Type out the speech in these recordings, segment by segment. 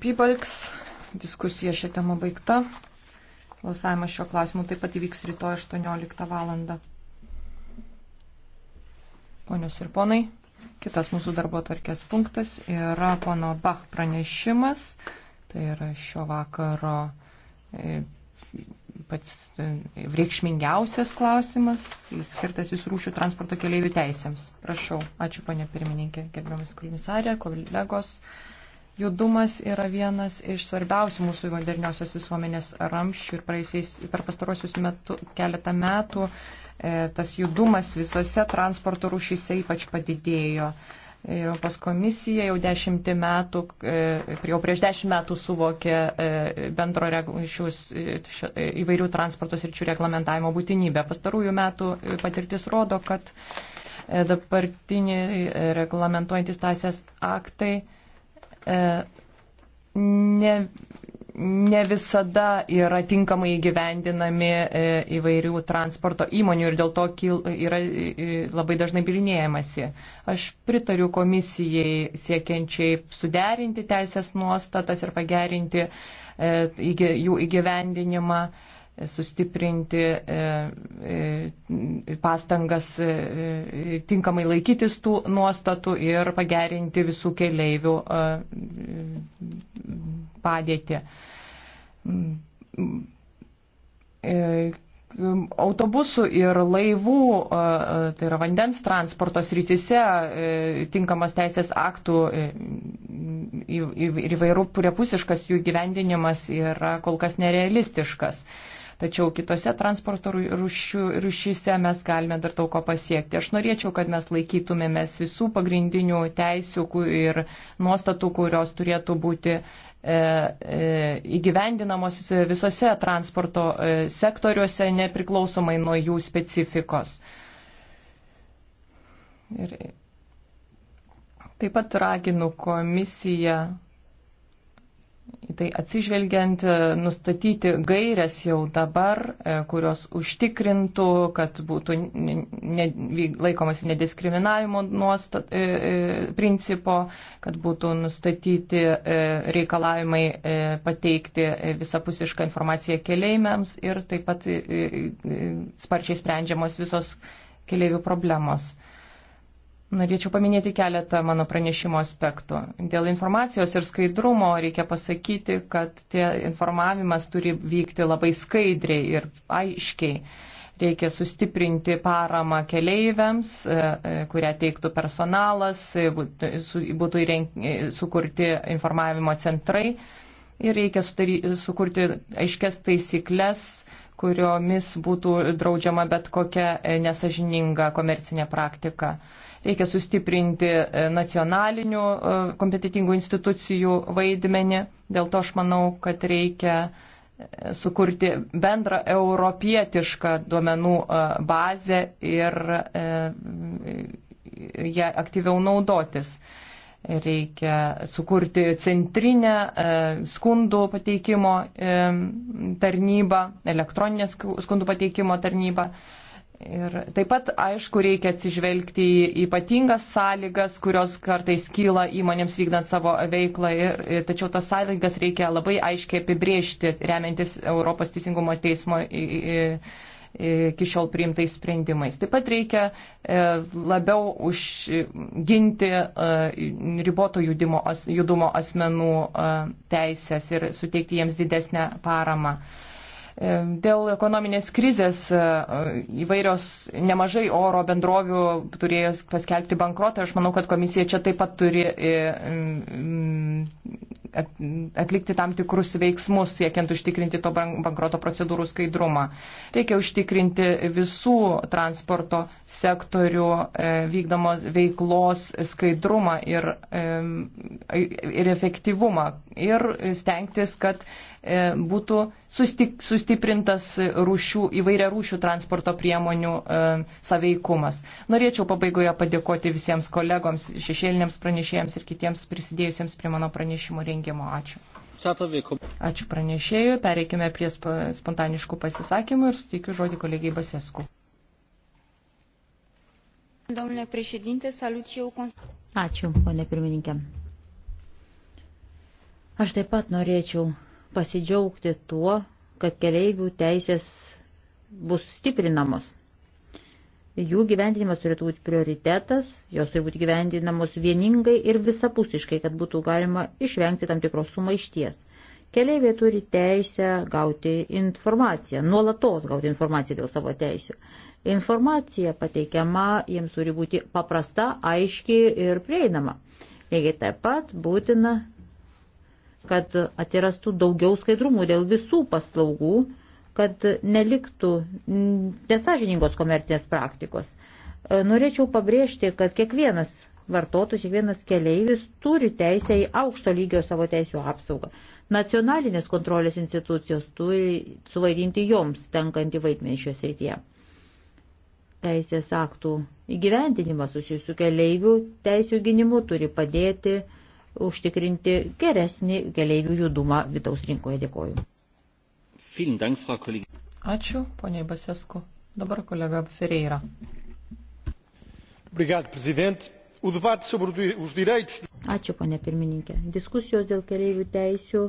Pybalks. Diskusija šią temą baigta. Balsavimas šio klausimu taip pat įvyks rytoj 18 val. Ponios ir ponai, kitas mūsų darbo tvarkės punktas yra pono Bach pranešimas. Tai yra šio vakaro e, pats e, reikšmingiausias klausimas, jis skirtas visų rūšių transporto keliaivių teisėms. Prašau, ačiū ponė pirmininkė, gerbiamas komisarė, kolegos. Judumas yra vienas iš svarbiausių mūsų moderniosios visuomenės ramščių ir praeisiais, per pastarosius metu, keletą metų e, tas judumas visose transporto rūšyse ypač padidėjo. Europos komisija jau dešimtį metų, e, jau prieš dešimt metų suvokė e, bendro šius, e, įvairių transporto sričių reglamentavimo būtinybę. Pastarųjų metų patirtis rodo, kad dabartiniai reglamentuojantis tasės aktai E, ne, ne visada yra tinkamai įgyvendinami e, įvairių transporto įmonių ir dėl to yra e, labai dažnai bilinėjamasi. Aš pritariu komisijai siekiančiai suderinti teisės nuostatas ir pagerinti jų įgyvendinimą sustiprinti e, e, pastangas e, tinkamai laikytis tų nuostatų ir pagerinti visų keleivių padėtį. Autobusų ir laivų, tai yra vandens transporto srityse, tinkamas teisės aktų ir įvairių purepusiškas jų gyvendinimas yra kol kas nerealistiškas tačiau kitose transporto rušyse mes galime dar daug ko pasiekti. Aš norėčiau, kad mes laikytumėmės visų pagrindinių teisių ir nuostatų, kurios turėtų būti e, e, įgyvendinamos visose transporto e, sektoriuose, nepriklausomai nuo jų specifikos. Ir taip pat raginu komisiją į tai atsižvelgiant, e, nustatyti gairias jau dabar, e, kurios užtikrintų, kad būtų ne, laikomasi nediskriminavimo nuostat, e, principo, kad būtų nustatyti reikalavimai pateikti visapusišką informaciją keleiviams ir taip pat sparčiai sprendžiamos visos keleivių problemos. Norėčiau paminėti keletą mano pranešimo aspektų. Dėl informacijos ir skaidrumo reikia pasakyti, kad tie informavimas turi vykti labai skaidriai ir aiškiai. Reikia sustiprinti paramą keleiviams, e, e, kurią teiktų personalas, e, būtų sukurti informavimo centrai ir reikia sukurti aiškias taisyklės, kuriomis būtų draudžiama bet kokia nesažininga komercinė praktika reikia sustiprinti e, nacionalinių e, kompetitingų institucijų vaidmenį. Dėl to aš manau, kad reikia e, sukurti bendrą europietišką duomenų bazę ir ją aktyviau naudotis. Reikia sukurti centrinę skundų pateikimo tarnybą, elektroninę skundų pateikimo tarnybą Ir taip pat, aišku, reikia atsižvelgti į ypatingas sąlygas, kurios kartais kyla įmonėms vykdant savo veiklą, ir, ir, tačiau tas sąlygas reikia labai aiškiai apibriežti, remiantis Europos teisingumo teismo iki šiol priimtais sprendimais. Taip pat reikia e, labiau užginti e, riboto judimo, judumo asmenų e, teisės ir suteikti jiems didesnę paramą. Dėl ekonominės krizės e, įvairios nemažai oro bendrovių turėjo paskelbti bankrotą. Aš manau, kad komisija čia taip pat turi e, mm, atlikti tam tikrus veiksmus, siekiant užtikrinti to bankroto procedūrų skaidrumą. Reikia užtikrinti visų transporto sektorių e, vykdomos veiklos skaidrumą ir, ir efektyvumą ir stengtis, kad E, būtų sustiprintas rūšių, įvairia rūšių transporto priemonių e, saveikumas. Norėčiau pabaigoje padėkoti visiems kolegoms, šešėliniams pranešėjams ir kitiems prisidėjusiems prie mano pranešimų rengimo. Ačiū. Ačiū pranešėjui. Pereikime prie spontaniškų pasisakymų ir suteikiu žodį kolegijai Basesku. Ačiū, ponė pirmininkė. Aš taip pat norėčiau pasidžiaugti tuo, kad keleivių teisės bus stiprinamos. Jų gyvendinimas turėtų būti prioritetas, jos turi būti gyvendinamos vieningai ir visapusiškai, kad būtų galima išvengti tam tikros sumaišties. Keleiviai turi teisę gauti informaciją, nuolatos gauti informaciją dėl savo teisų. Informacija pateikiama jiems turi būti paprasta, aiški ir prieinama. Lygiai taip pat būtina kad atsirastų daugiau skaidrumų dėl visų paslaugų, kad neliktų nesažiningos komercinės praktikos. E, norėčiau pabrėžti, kad kiekvienas vartotojas, kiekvienas keleivis turi teisę į aukšto lygio savo teisų apsaugą. Nacionalinės kontrolės institucijos turi suvaidinti joms tenkantį vaidmenį šios rytyje. Teisės aktų įgyvendinimas susijusių keleivių teisų gynimu turi padėti uh, užtikrinti geresnį keliaivių judumą vidaus rinkoje. Dėkoju. Ačiū, poniai Basesku. Dabar kolega Ferreira. Obrigado, presidente. O debate sobre os direitos. Ačiū, ponė pirmininkė. Diskusijos dėl keliaivių teisių,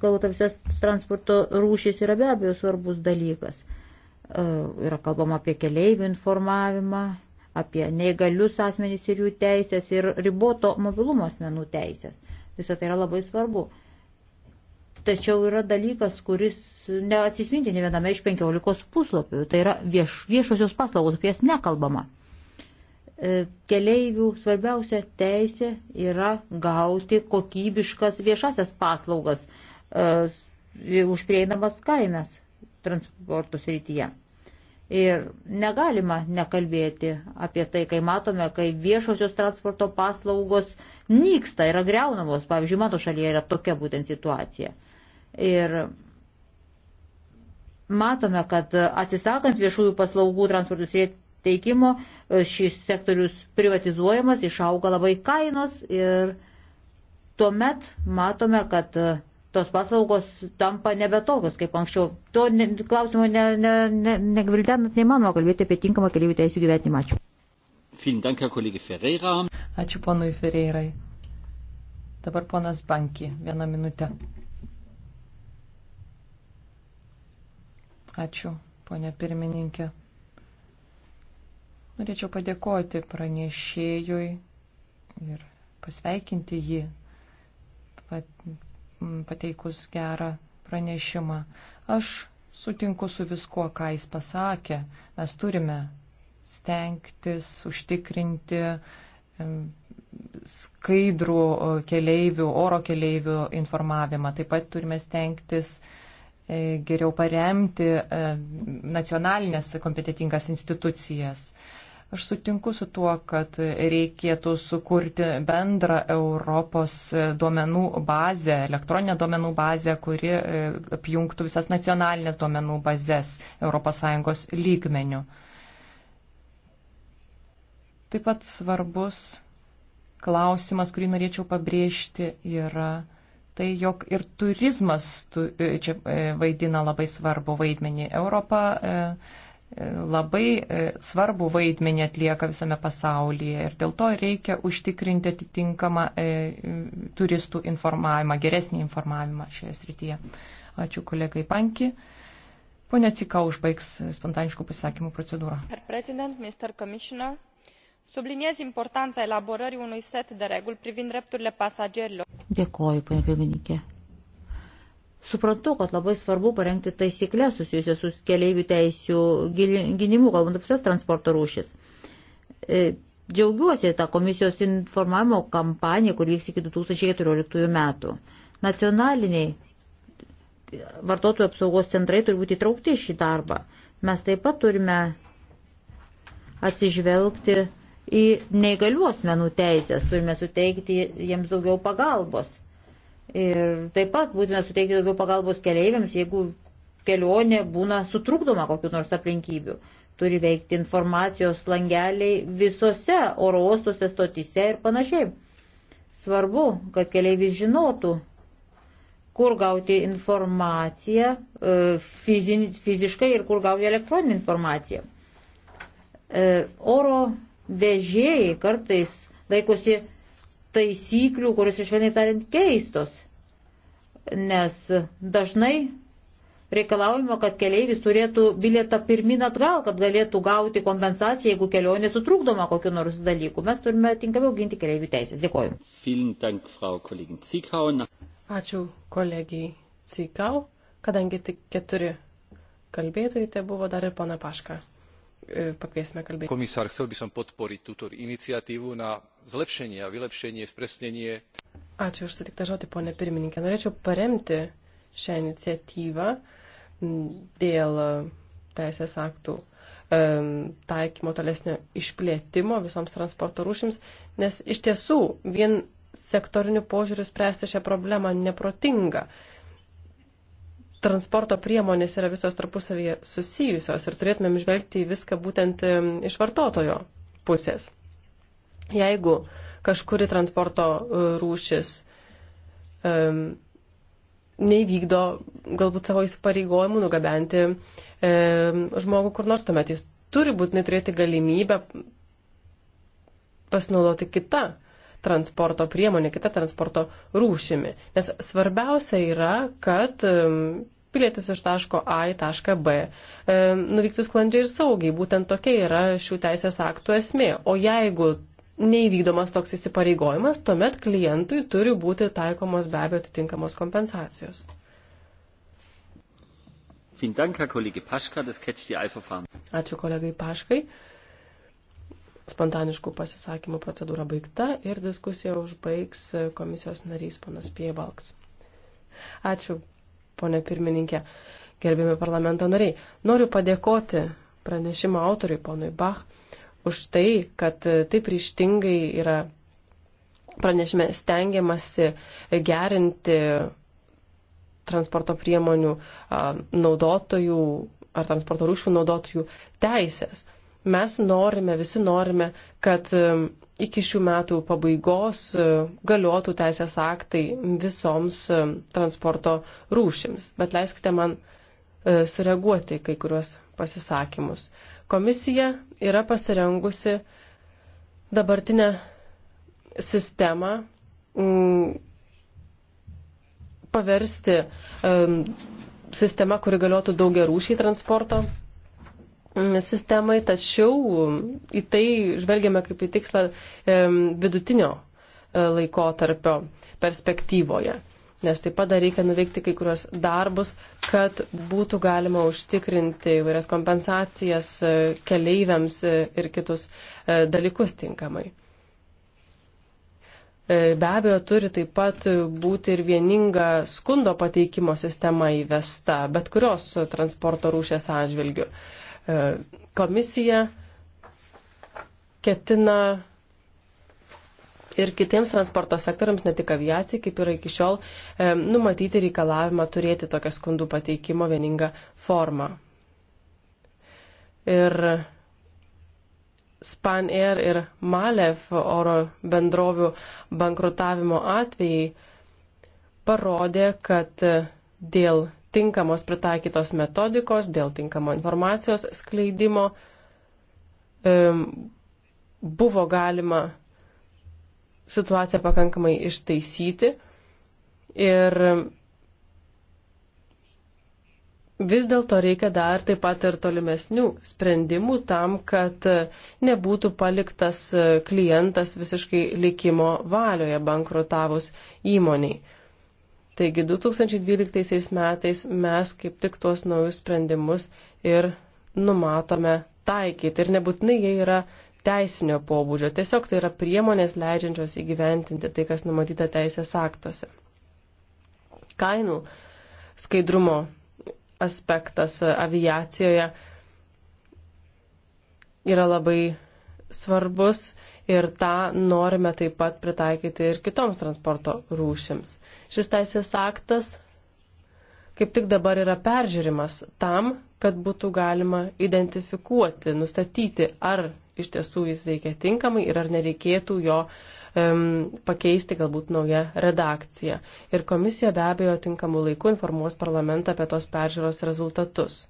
kalbant apie visas transporto rūšys, yra be abejo svarbus dalykas. E, yra kalbama apie keliaivių informavimą, apie neįgalius asmenys ir jų teisės, ir riboto mobilumo asmenų teisės. Visą tai yra labai svarbu. Tačiau yra dalykas, kuris neatsisminti ne viename iš penkiolikos puslapių. Tai yra vieš, viešosios paslaugos, apie jas nekalbama. E, keleivių svarbiausia teisė yra gauti kokybiškas viešasias paslaugas e, už prieinamas kainas transporto srityje. Ir negalima nekalbėti apie tai, kai matome, kai viešosios transporto paslaugos nyksta, yra greunamos. Pavyzdžiui, mano šalyje yra tokia būtent situacija. Ir matome, kad atsisakant viešųjų paslaugų transportų teikimo, šis sektorius privatizuojamas, išauga labai kainos ir tuomet matome, kad tos paslaugos tampa nebetokios kaip anksčiau. To ne, klausimo negvildenant ne, ne, ne neįmanoma kalbėti apie tinkamą keliaivių teisų gyvenimą. Ačiū. Ačiū ponui Ferreirai. Dabar ponas Banki, vieną minutę. Ačiū, ponė pirmininkė. Norėčiau padėkoti pranešėjui ir pasveikinti jį pateikus gerą pranešimą. Aš sutinku su viskuo, ką jis pasakė. Mes turime stengtis užtikrinti skaidrų keleivių, oro keleivių informavimą. Taip pat turime stengtis e, geriau paremti e, nacionalinės kompetitingas institucijas. Aš sutinku su tuo, kad reikėtų sukurti bendrą Europos e, duomenų bazę, elektroninę duomenų bazę, kuri e, apjungtų visas nacionalinės duomenų bazės ES lygmenių. Taip pat svarbus klausimas, kurį norėčiau pabrėžti, yra tai jog ir turizmas tu, e, čia vaidina labai svarbu vaidmenį. Europa. E, labai e, svarbu vaidmenį atlieka visame pasaulyje ir dėl to reikia užtikrinti atitinkamą e, turistų informavimą, geresnį informavimą šioje srityje. Ačiū kolegai Panki. Pone Cika užbaigs spontaniškų pasisakymų procedūrą. Subliniez importanța elaborării unui set de reguli privind drepturile pasagerilor. Dėkoju, pane pirmininkė. Suprantu, kad labai svarbu parengti taisyklės susijusias su keliaivių teisų gynimu, kalbant apie visas transporto rūšis. E, džiaugiuosi tą komisijos informavimo kampaniją, kur vyks iki 2014 metų. Nacionaliniai vartotojų apsaugos centrai turi būti įtraukti į šį darbą. Mes taip pat turime atsižvelgti į neįgalių asmenų teisės, turime suteikti jiems daugiau pagalbos Ir taip pat būtina suteikti daugiau pagalbos keleiviams, jeigu kelionė būna sutrukdoma kokiu nors aplinkybių. Turi veikti informacijos langeliai visose oro uostuose, stotise ir panašiai. Svarbu, kad keleivis žinotų, kur gauti informaciją e, fizin, fiziškai ir kur gauti elektroninę informaciją. E, oro vežėjai kartais laikosi taisyklių, kurios išvelniai tariant keistos, nes dažnai reikalaujama, kad keleivis turėtų bilietą pirmin atgal, kad galėtų gauti kompensaciją, jeigu kelionė sutrukdoma kokiu nors dalyku. Mes turime tinkamiau ginti keleivių teisės. Dėkoju. Ačiū kolegijai Cikau, kadangi tik keturi kalbėtojai, tai buvo dar ir pana Paška. E, pakviesime kalbėti. Komisár, chcel by som podporiť túto iniciatívu na zlepšenie a vylepšenie, spresnenie. Ačiū už sutiktą žodį, ponė pirmininkė. Norėčiau paremti šią iniciatyvą dėl teisės aktų taikymo tolesnio išplėtimo visoms transporto rūšims, nes iš tiesų vien sektorinių požiūrių spręsti šią problemą neprotinga transporto priemonės yra visos tarpusavyje susijusios ir turėtumėm žvelgti į viską būtent iš vartotojo pusės. Jeigu kažkuri transporto e, rūšis um, neįvykdo galbūt savo įsipareigojimų nugabenti e, žmogų kur nors, tuomet jis turi būtinai turėti galimybę pasinaudoti kitą transporto priemonė, kita transporto rūšimi. Nes svarbiausia yra, kad pilietis iš taško A į tašką B e, nuvyktų sklandžiai ir saugiai. Būtent tokia yra šių teisės aktų esmė. O jeigu neįvykdomas toks įsipareigojimas, tuomet klientui turi būti taikomos be abejo atitinkamos kompensacijos. Ačiū kolegai Paškai. Spontaniškų pasisakymų procedūra baigta ir diskusiją užbaigs komisijos narys panas Piebalks. Ačiū ponė pirmininkė, gerbiami parlamento nariai. Noriu padėkoti pranešimo autoriui, ponui Bach, už tai, kad taip ryštingai yra pranešime stengiamasi gerinti transporto priemonių naudotojų ar transporto rūšių naudotojų teisės. Mes norime, visi norime, kad iki šių metų pabaigos e, galiotų teisės aktai visoms e, transporto rūšims. Bet leiskite man e, sureaguoti kai kuriuos pasisakymus. Komisija yra pasirengusi dabartinę sistemą mm, paversti sistema, kuri galiotų daugia rūšiai transporto sistemai, tačiau į tai žvelgiame kaip į tikslą vidutinio e, laikotarpio perspektyvoje. Nes taip pat dar reikia nuveikti kai kurios darbus, kad būtų galima užtikrinti įvairias kompensacijas e, keleiviams e, ir kitus dalykus tinkamai. Be abejo, turi taip pat būti ir vieninga skundo pateikimo sistema įvesta, bet kurios transporto rūšės atžvilgių. E, komisija ketina ir kitiems transporto sektoriams, ne tik aviacijai, kaip yra iki šiol, e, numatyti reikalavimą turėti tokią skundų pateikimo vieningą formą. Ir Span Air ir Malev oro bendrovių bankrutavimo atvejai parodė, kad dėl tinkamos pritaikytos metodikos, dėl tinkamo informacijos skleidimo buvo galima situaciją pakankamai ištaisyti ir vis dėlto reikia dar taip pat ir tolimesnių sprendimų tam, kad nebūtų paliktas klientas visiškai likimo valioje bankrutavus įmoniai. Taigi 2012 metais mes kaip tik tuos naujus sprendimus ir numatome taikyti. Ir nebūtinai jie yra teisinio pobūdžio, tiesiog tai yra priemonės leidžiančios įgyventinti tai, kas numatyta teisės aktuose. Kainų skaidrumo aspektas aviacijoje yra labai svarbus ir tą norime taip pat pritaikyti ir kitoms transporto rūšims. Šis teisės aktas kaip tik dabar yra peržiūrimas tam, kad būtų galima identifikuoti, nustatyti, ar iš tiesų jis veikia tinkamai ir ar nereikėtų jo um, pakeisti galbūt naują redakciją. Ir komisija be abejo tinkamų laikų informuos parlamentą apie tos peržiūros rezultatus.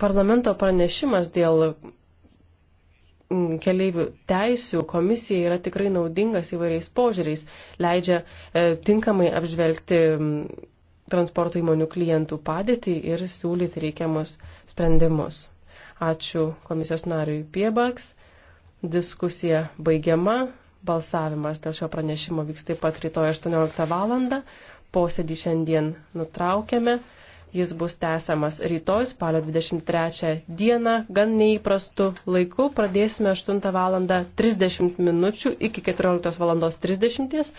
Parlamento pranešimas dėl mm, keliaivių teisių komisija yra tikrai naudingas įvairiais požiūriais, leidžia e, tinkamai apžvelgti mm, transporto įmonių klientų padėtį ir siūlyti reikiamus sprendimus. Ačiū komisijos nariui Piebaks. Diskusija baigiama. Balsavimas dėl šio pranešimo vyks taip pat rytoj 18 val. Posėdį šiandien nutraukėme. Jis bus tęsiamas rytoj, spalio 23 dieną, gan neįprastu laiku. Pradėsime 8 val. 30 min. iki 14 val. 30,